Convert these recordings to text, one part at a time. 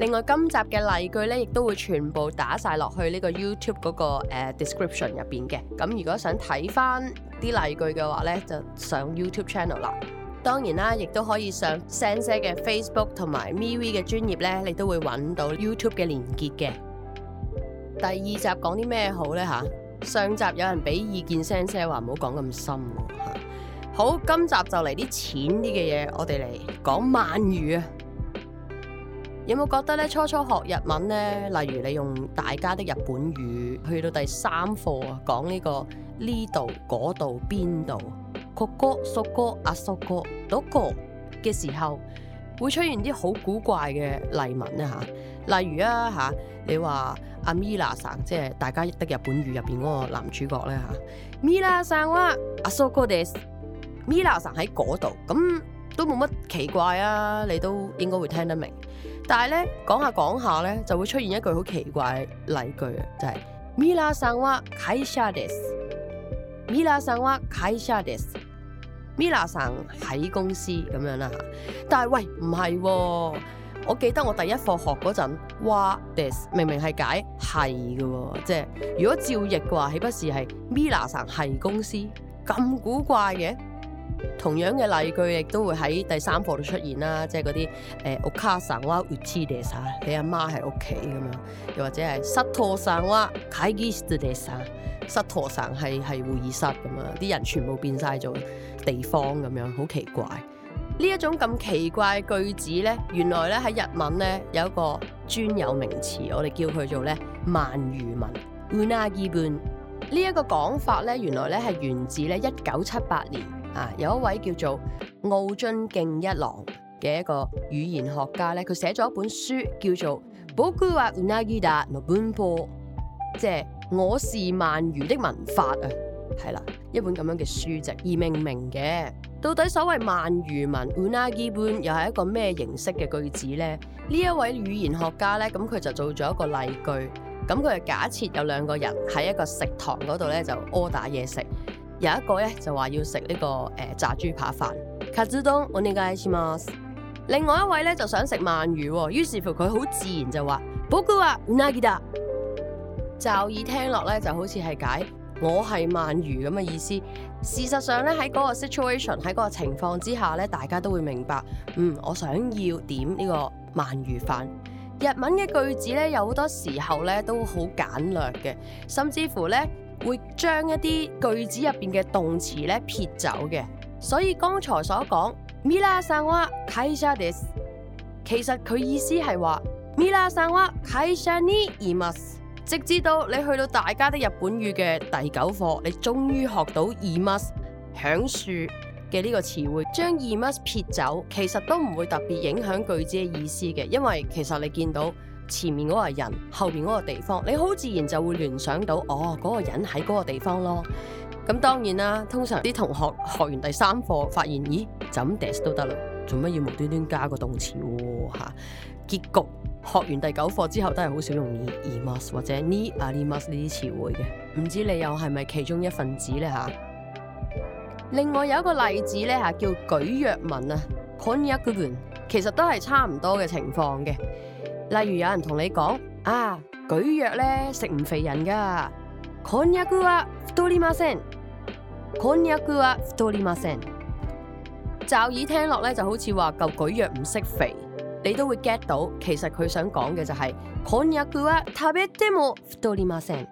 另外，今集嘅例句咧，亦都會全部打晒落去呢個 YouTube 嗰、那個誒、uh, description 入邊嘅。咁如果想睇返啲例句嘅話咧，就上 YouTube channel 啦。當然啦，亦都可以上 sensei 嘅 Facebook 同埋 MeWe 嘅專頁咧，你都會揾到 YouTube 嘅連結嘅。第二集講啲咩好咧？吓，上集有人俾意見 sensei 話唔好講咁深。吓，好，今集就嚟啲淺啲嘅嘢，我哋嚟講鰻魚啊！有冇覺得咧？初初學日文咧，例如你用《大家的日本語》去到第三課啊，講呢、這個呢度、嗰度、邊度、ここ、そこ、あそこ、どこ嘅時候，會出現啲好古怪嘅例文咧嚇、啊。例如啊嚇、啊，你話阿、啊、ミラーさん，即係《大家的日本語》入邊嗰個男主角咧嚇、啊，ミラーさんはあそこです，ミラーさん喺嗰度咁。嗯。都冇乜奇怪啊，你都應該會聽得明。但係咧，講下講下咧，就會出現一句好奇怪嘅例句啊，就係、是、ミラーさんは會社です。ミラーさんは會社です。ミラーさん係公司，咁樣啦，但係喂，唔係、哦，我記得我第一課學嗰陣，はです明明係解係嘅啫。即係如果照譯嘅話，豈不是係ミラーさん係公司？咁古怪嘅？同樣嘅例句，亦都會喺第三課度出現啦。即係嗰啲誒お母さんはうちです你阿媽喺屋企咁樣，又或者係佐藤さんは會議室です啊，佐藤さん係係會議室咁樣，啲人全部變晒做地方咁樣，好奇怪呢一種咁奇怪嘅句子咧。原來咧喺日文咧有一個專有名詞，我哋叫佢做咧鰻魚文うなぎ文呢一個講法咧，原來咧係源自咧一九七八年。啊，有一位叫做奧津敬一郎嘅一個語言學家咧，佢寫咗一本書叫做《僕はうなぎだの文法》，即係我是鰻魚的文法啊，係、哎、啦，一本咁樣嘅書啫，而命名嘅。到底所謂鰻魚文うなぎ文又係一個咩形式嘅句子咧？呢一位語言學家咧，咁佢就做咗一個例句，咁佢假設有兩個人喺一個食堂嗰度咧，就 order 嘢食。有一個咧就話要食呢、這個誒、呃、炸豬扒飯，カツ丼、お願いします。另外一位咧就想食鰻魚、哦，於是乎佢好自然就話：僕はうなぎだ。就耳聽落咧就好似係解我係鰻魚咁嘅意思。事實上咧喺嗰個 situation 喺嗰個情況之下咧，大家都會明白，嗯，我想要點呢個鰻魚飯。日文嘅句子咧有好多時候咧都好簡略嘅，甚至乎咧。會將一啲句子入面嘅動詞撇走嘅，所以剛才所講米拉 la san w 其實佢意思係話米拉 la san wa k 直至到你去到大家的日本語嘅第九課，你終於學到 imus 響樹嘅呢個詞彙，將 imus 撇走，其實都唔會特別影響句子嘅意思嘅，因為其實你見到。前面嗰個人，後面嗰個地方，你好自然就會聯想到哦，嗰、那個人喺嗰個地方咯。咁當然啦，通常啲同學學完第三課，發現咦，就咁です都得啦，做、嗯、乜要無端端加個動詞喎吓？結局學完第九課之後，都係好少用います或者あります呢啲詞彙嘅。唔知你又係咪其中一份子咧吓、啊？另外有一個例子咧，係、啊、叫こんにゃく文啊こんにゃく其實都係差唔多嘅情況嘅。例如有人同你講啊，蒟蒻咧食唔肥人噶。こんにゃくは太りません。こんにゃくは太りません。乍耳聽落咧就好似話嚿蒟蒻唔識肥，你都會 get 到。其實佢想講嘅就係こんにゃくは食べても太りません。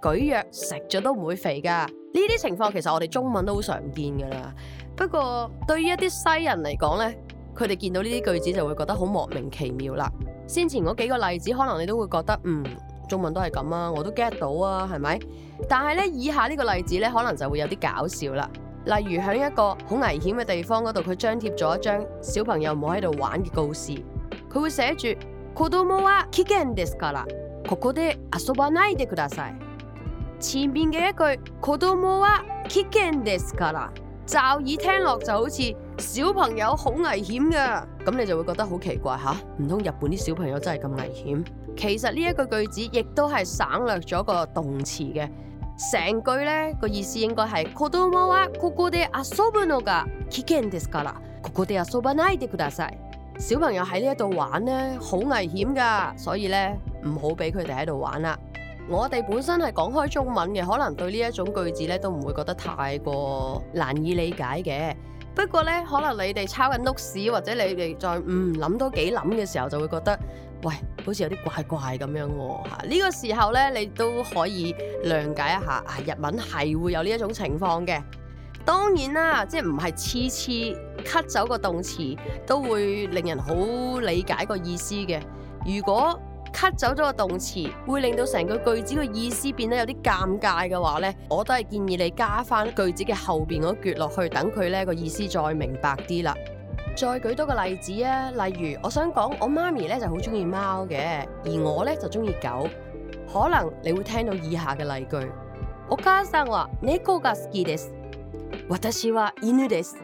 蒟蒻食咗都唔會肥噶。呢啲情況其實我哋中文都好常見噶啦。不過對於一啲西人嚟講咧，佢哋見到呢啲句子就會覺得好莫名其妙啦。先前嗰幾個例子，可能你都會覺得，嗯，中文都係咁啊，我都 get 到啊，係咪？但係呢以下呢個例子呢，可能就會有啲搞笑啦。例如喺一個好危險嘅地方嗰度，佢張貼咗一張小朋友唔好喺度玩嘅告示，佢會寫住，子供は危険ですから，ここで遊ばないでください。前面嘅一句，子供は危険ですから就以聽落就好似小朋友好危險噶，咁你就會覺得好奇怪吓，唔通日本啲小朋友真係咁危險？其實呢一個句子亦都係省略咗個動詞嘅。成句咧個意思應該係，子供はここで遊ぶのが危険ですから、ここで遊ばないでください。小朋友喺呢一度玩呢，好危險噶，所以咧唔好俾佢哋喺度玩啦。我哋本身係講開中文嘅，可能對呢一種句子咧都唔會覺得太過難以理解嘅。不過呢，可能你哋抄緊 notes，或者你哋再嗯諗多幾諗嘅時候，就會覺得喂，好似有啲怪怪咁樣喎吓。啊呢個時候呢，你都可以諒解一下啊，日文係會有呢一種情況嘅。當然啦，即係唔係次次 cut 走個動詞都會令人好理解個意思嘅。如果 cut 走咗個動詞，會令到成個句，句子個意思變得有啲尷尬嘅話咧，我都係建議你加翻句子嘅後邊嗰橛落去，等佢咧個意思再明白啲啦。再舉多個例子啊，例如我想講我媽咪咧就好中意貓嘅，而我咧就中意狗。可能你會聽到以下嘅例句：お母さんは貓が好きです。私は犬です。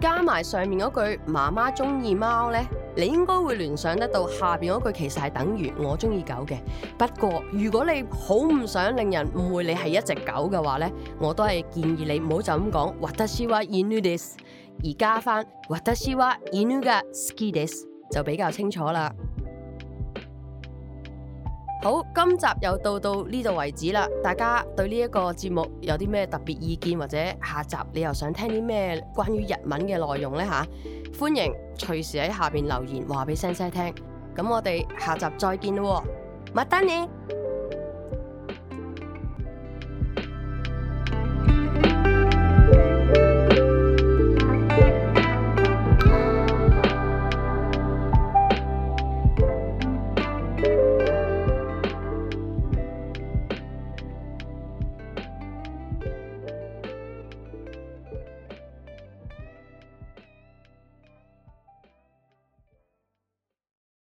加埋上，上面嗰句，媽媽中意貓咧。你應該會聯想得到下面嗰句其實係等於我中意狗嘅。不過如果你好唔想令人誤會你係一隻狗嘅話咧，我都係建議你唔好就咁講：「私は犬です」，而加返「私は犬が好きです」就比較清楚啦。好，今集又到到呢度為止啦。大家對呢一個節目有啲咩特別意見，或者下集你又想聽啲咩關於日文嘅內容呢？吓、啊，歡迎隨時喺下邊留言話俾 sensei 聽。咁我哋下集再見咯，またね。